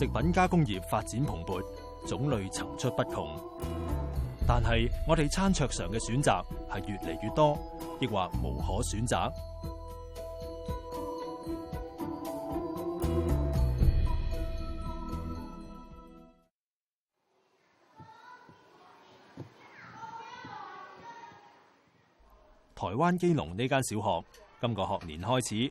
食品加工業發展蓬勃，種類層出不窮。但係我哋餐桌上嘅選擇係越嚟越多，抑或無可選擇？ 台灣基隆呢間小學，今個學年開始。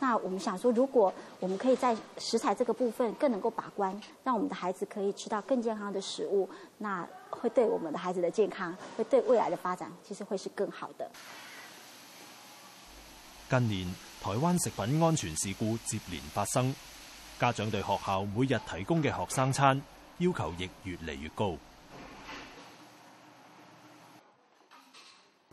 那我們想說，如果我們可以在食材這個部分更能夠把關，讓我們的孩子可以吃到更健康的食物，那會對我們的孩子的健康，會對未來的發展，其實會是更好的。近年台灣食品安全事故接連發生，家長對學校每日提供嘅學生餐要求亦越嚟越高。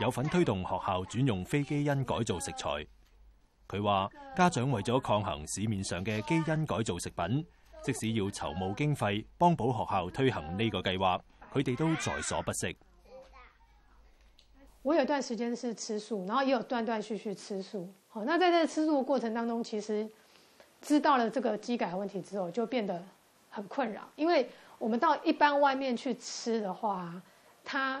有份推動學校轉用非基因改造食材。佢話：家長為咗抗衡市面上嘅基因改造食品，即使要籌募經費幫補學校推行呢個計劃，佢哋都在所不惜。我有段時間是吃素，然後也有斷斷續續吃素。好，那在這吃素嘅過程當中，其實知道了這個基改問題之後，就變得很困擾，因為我們到一般外面去吃的話，它，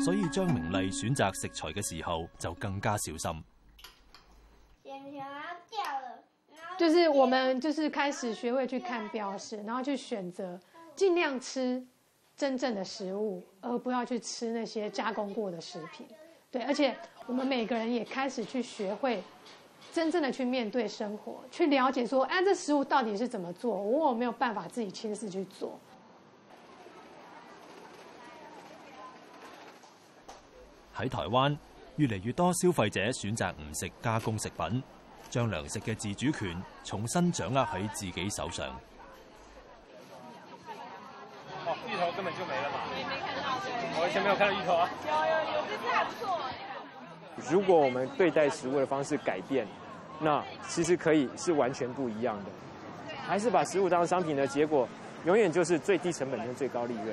所以張明麗選擇食材嘅時候就更加小心。眼睛要掉了，就是我們就是開始學會去看標識，然後去選擇，盡量吃真正的食物，而不要去吃那些加工過的食品。對，而且我們每個人也開始去學會真正的去面對生活，去了解說，哎，這食物到底是怎麼做？我有沒有辦法自己親自去做。喺台灣越嚟越多消費者選擇唔食加工食品，將糧食嘅自主權重新掌握喺自己手上。哦，芋頭根本就沒了吧？我以前沒有看到芋頭啊。有有有，個字還不錯。如果我們對待食物的方式改變，那其實可以是完全不一樣的。還是把食物當商品的結果永遠就是最低成本跟最高利潤。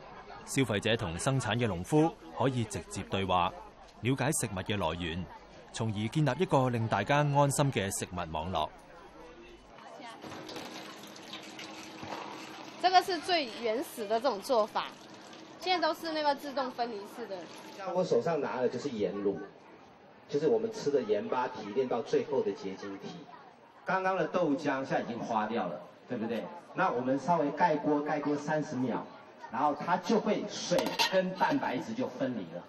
消費者同生產嘅農夫可以直接對話，了解食物嘅來源，從而建立一個令大家安心嘅食物網絡。這個是最原始的這種做法，現在都是那個自動分離式的。我手上拿嘅就是鹽滷，就是我們吃的鹽巴提煉到最後的結晶體。剛剛的豆漿現在已經花掉了，對唔對？那我們稍微蓋鍋蓋鍋三十秒。然後它就會水跟蛋白質就分離了。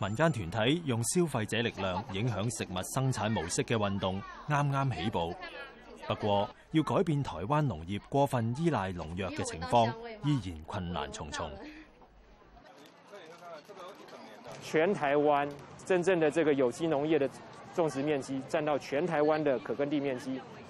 民間團體用消費者力量影響食物生產模式嘅運動啱啱起步，不過要改變台灣農業過分依賴農藥嘅情況依然困難重重。全台灣真正的這個有機農業的種植面積，佔到全台灣的可耕地面積，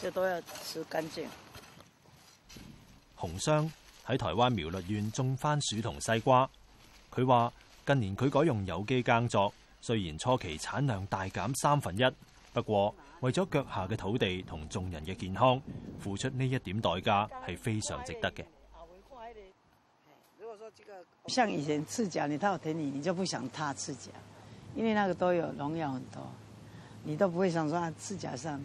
就都要吃乾淨，洪霜喺台灣苗栗縣種番薯同西瓜，佢話近年佢改用有機耕作，雖然初期產量大減三分一，不過為咗腳下嘅土地同眾人嘅健康，付出呢一點代價係非常值得嘅。像以前赤腳，你踏我田裏你你就不想踏赤腳，因為那個都有農藥很多，你都不會想說啊赤腳上。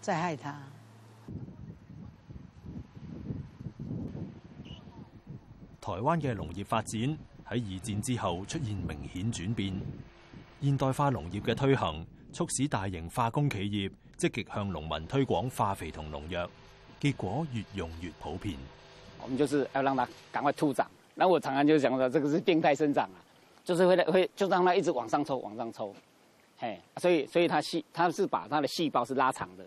再害他。台灣嘅農業發展喺二戰之後出現明顯轉變，現代化農業嘅推行促使大型化工企業積極向農民推廣化肥同農藥，結果越用越普遍。我們就是要讓它趕快突長，那我常常就想到，這個是病態生長啊，就是會會就讓它一直往上抽往上抽，嘿，所以所以它細它是把它的細胞是拉長的。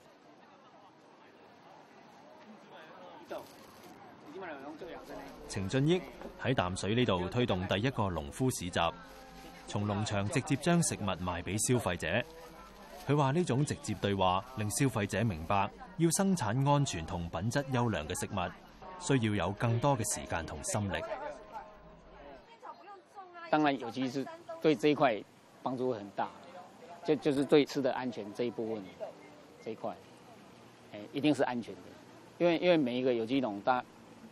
程俊益喺淡水呢度推動第一個農夫市集，從農場直接將食物賣俾消費者。佢話呢種直接對話令消費者明白要生產安全同品質優良嘅食物，需要有更多嘅時間同心力。當然，有機是對這一塊幫助會很大，就就是對吃的安全這一部分，這一塊一定是安全嘅，因為因為每一個有機農大。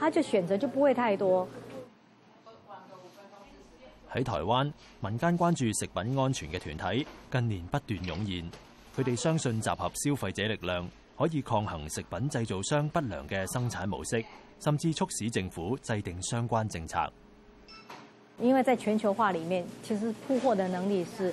他就選擇就不會太多。喺台灣，民間關注食品安全嘅團體近年不斷湧現，佢哋相信集合消費者力量可以抗衡食品製造商不良嘅生產模式，甚至促使政府制定相關政策。因為在全球化裏面，其實鋪貨的能力是。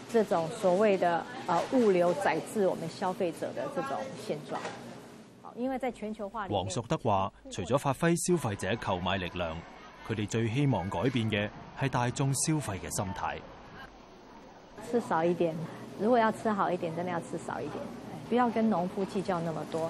這種所謂的呃、物流宰制我們消費者的這種現狀，因為在全球化，黃淑德話，除咗發揮消費者購買力量，佢哋最希望改變嘅係大眾消費嘅心態，吃少一點，如果要吃好一點，真的要吃少一點，不要跟農夫計較那麼多。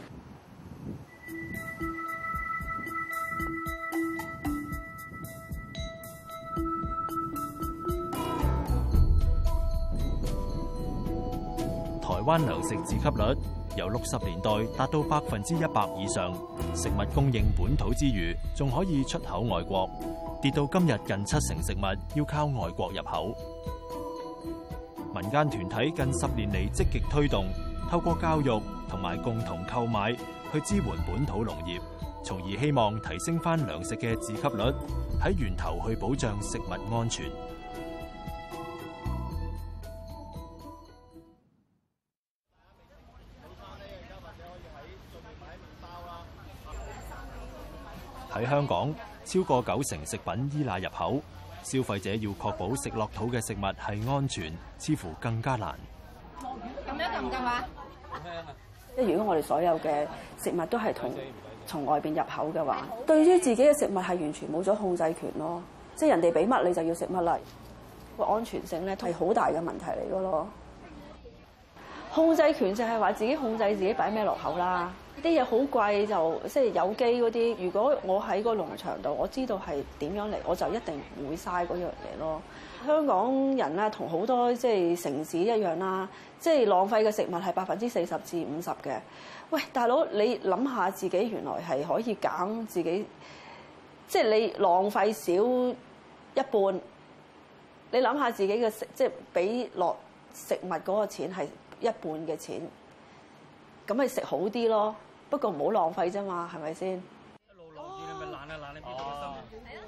台灣糧食自給率由六十年代達到百分之一百以上，食物供應本土之餘，仲可以出口外國，跌到今日近七成食物要靠外國入口。民間團體近十年嚟積極推動，透過教育同埋共同購買去支援本土農業，從而希望提升返糧食嘅自給率，喺源頭去保障食物安全。喺香港，超過九成食品依賴入口，消費者要確保食落肚嘅食物係安全，似乎更加難。咁唔即係如果我哋所有嘅食物都係同從，從外邊入口嘅話，對於自己嘅食物係完全冇咗控制權咯。即、就是、人哋俾乜你就要食乜啦。個安全性咧係好大嘅問題嚟嘅咯。控制權就係話自己控制自己擺咩落口啦。啲嘢好貴就即係有機嗰啲。如果我喺個農場度，我知道係點樣嚟，我就一定唔會嘥嗰樣嘢咯。香港人咧同好多即係城市一樣啦，即係浪費嘅食物係百分之四十至五十嘅。喂，大佬，你諗下自己原來係可以減自己，即係你浪費少一半。你諗下自己嘅食，即係俾落食物嗰個錢係一半嘅錢，咁咪食好啲咯。不過唔好浪費啫嘛，係咪先？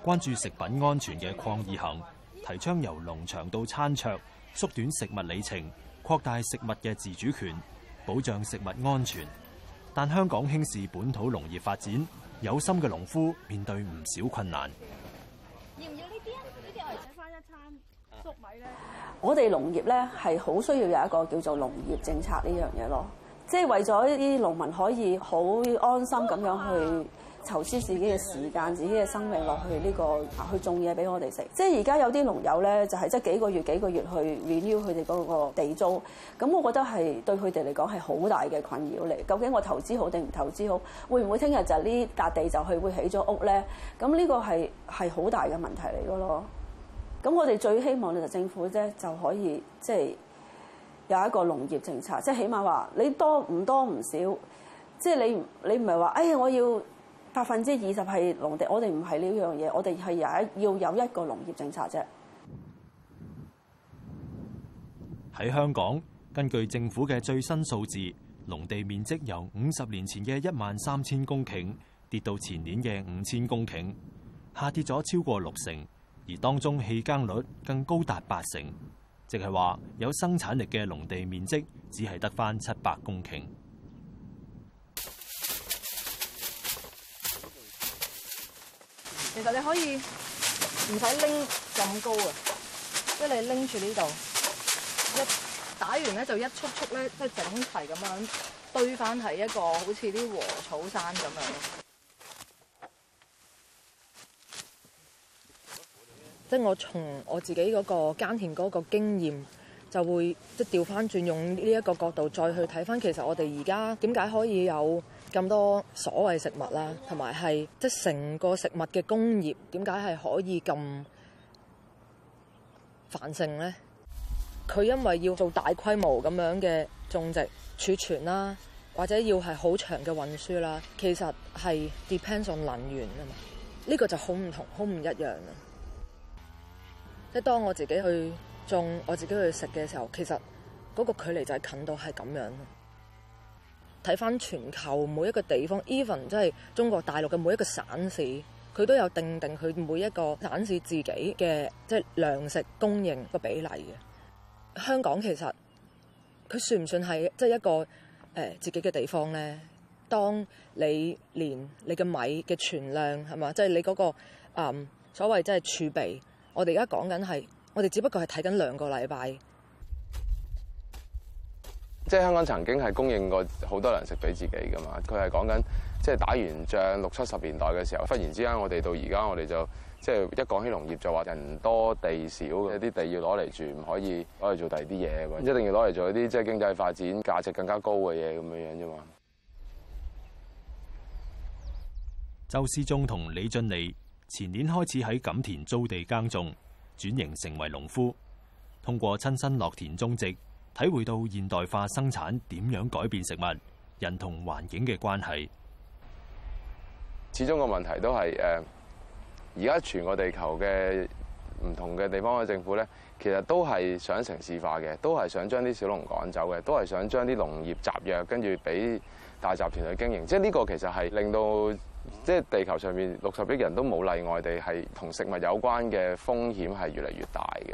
關注食品安全嘅鄺義衡，提倡由農場到餐桌，縮短食物里程，擴大食物嘅自主權，保障食物安全。但香港輕視本土農業發展，有心嘅農夫面對唔少困難。要唔要呢啲啊？呢啲我哋想翻一餐粟米咧。我哋農業咧係好需要有一個叫做農業政策呢樣嘢咯。即係為咗啲農民可以好安心咁樣去投資自己嘅時間、自己嘅生命落去呢個去種嘢俾我哋食。即係而家有啲農友咧，就係即係幾個月、幾個月去 renew 佢哋嗰個地租。咁我覺得係對佢哋嚟講係好大嘅困擾嚟。究竟我投資好定唔投資好？會唔會聽日就呢笪地就去會起咗屋咧？咁呢個係係好大嘅問題嚟嘅咯。咁我哋最希望就政府呢，就可以即係。有一個農業政策，即係起碼話你多唔多唔少，即係你你唔係話，哎，我要百分之二十係農地，我哋唔係呢樣嘢，我哋係有要有一個農業政策啫。喺香港，根據政府嘅最新數字，農地面積由五十年前嘅一萬三千公頃跌到前年嘅五千公頃，下跌咗超過六成，而當中棄耕率更高達八成。即係話，有生產力嘅農地面積只係得翻七百公頃。其實你可以唔使拎咁高啊，即係你拎住呢度，一打完咧就一束束咧，即係整齊咁樣堆翻喺一個好似啲禾草山咁樣。即係我從我自己嗰個耕田嗰個經驗，就會即係調翻轉用呢一個角度再去睇翻。其實我哋而家點解可以有咁多所謂食物啦，同埋係即係成個食物嘅工業，點解係可以咁繁盛呢？佢因為要做大規模咁樣嘅種植、儲存啦，或者要係好長嘅運輸啦，其實係 depends on 能源啊嘛。呢、這個就好唔同，好唔一樣啊。即係當我自己去種，我自己去食嘅時候，其實嗰個距離就係近到係咁樣。睇翻全球每一個地方，even 即係中國大陸嘅每一個省市，佢都有定定佢每一個省市自己嘅即係糧食供應個比例嘅。香港其實佢算唔算係即係一個誒、呃、自己嘅地方呢？當你連你嘅米嘅存量係嘛，即係、就是、你嗰個、那個、嗯、所謂即係儲備。我哋而家講緊係，我哋只不過係睇緊兩個禮拜。即係香港曾經係供應過好多人食俾自己噶嘛，佢係講緊即係打完仗六七十年代嘅時候，忽然之間我哋到而家，我哋就即係一講起農業就話人多地少，一啲地要攞嚟住，唔可以攞嚟做第二啲嘢，一定要攞嚟做一啲即係經濟發展價值更加高嘅嘢咁樣樣啫嘛。周思中同李俊利。前年開始喺錦田租地耕種，轉型成為農夫，通過親身落田種植，體會到現代化生產點樣改變食物、人同環境嘅關係。始終個問題都係，誒，而家全個地球嘅唔同嘅地方嘅政府咧，其實都係想城市化嘅，都係想將啲小農趕走嘅，都係想將啲農業集約，跟住俾大集團去經營，即係呢個其實係令到。即係地球上面六十億人都冇例外地係同食物有關嘅風險係越嚟越大嘅，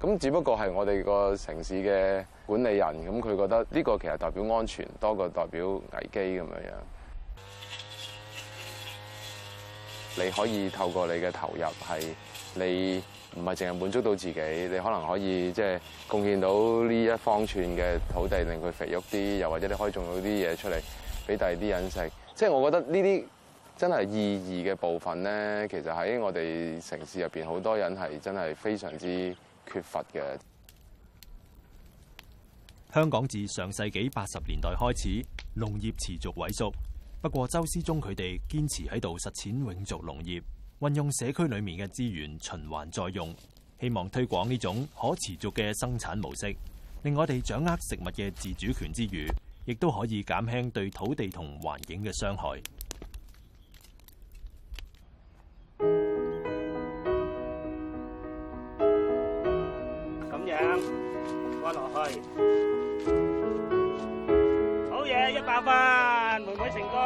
咁只不過係我哋個城市嘅管理人，咁佢覺得呢個其實代表安全多過代表危機咁樣樣。你可以透過你嘅投入，係你唔係淨係滿足到自己，你可能可以即係貢獻到呢一方寸嘅土地，令佢肥沃啲，又或者你可以種到啲嘢出嚟，俾第二啲人食。即係我覺得呢啲。真係意義嘅部分呢，其實喺我哋城市入邊，好多人係真係非常之缺乏嘅。香港自上世紀八十年代開始，農業持續萎縮。不過，周思中佢哋堅持喺度實踐永續農業，運用社區裡面嘅資源循環再用，希望推廣呢種可持續嘅生產模式，令我哋掌握食物嘅自主權之餘，亦都可以減輕對土地同環境嘅傷害。好嘢，一百分，妹妹成功。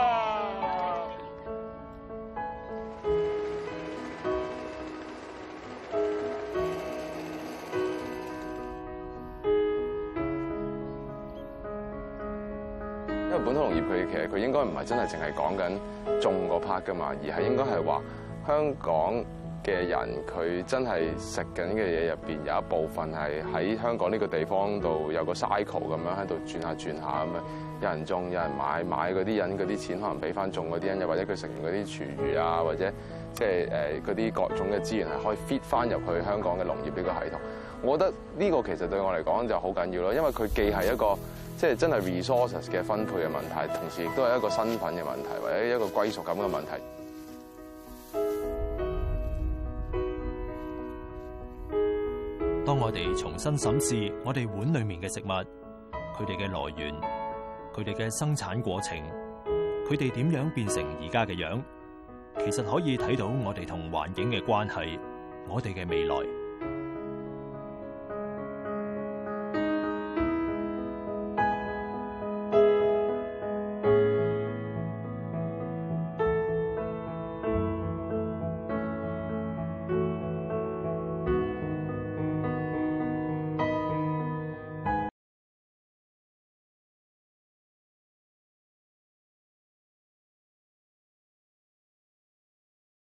因為本土農業佢其實佢應該唔係真係淨係講緊種嗰 part 㗎嘛，而係應該係話香港嘅人佢真係食緊嘅嘢，入邊有一部分係喺香港呢個地方度有個 cycle 咁樣喺度轉下轉下咁樣，有人種有人買，買嗰啲人嗰啲錢可能俾翻種嗰啲人，又或者佢食完嗰啲廚餘啊，或者即係誒嗰啲各種嘅資源係可以 fit 翻入去香港嘅農業呢個系統，我覺得呢個其實對我嚟講就好緊要咯，因為佢既係一個即係真係 resources 嘅分配嘅問題，同時亦都係一個身份嘅問題或者一個歸屬感嘅問題。當我哋重新審視我哋碗裏面嘅食物，佢哋嘅來源，佢哋嘅生產過程，佢哋點樣變成而家嘅樣子，其實可以睇到我哋同環境嘅關係，我哋嘅未來。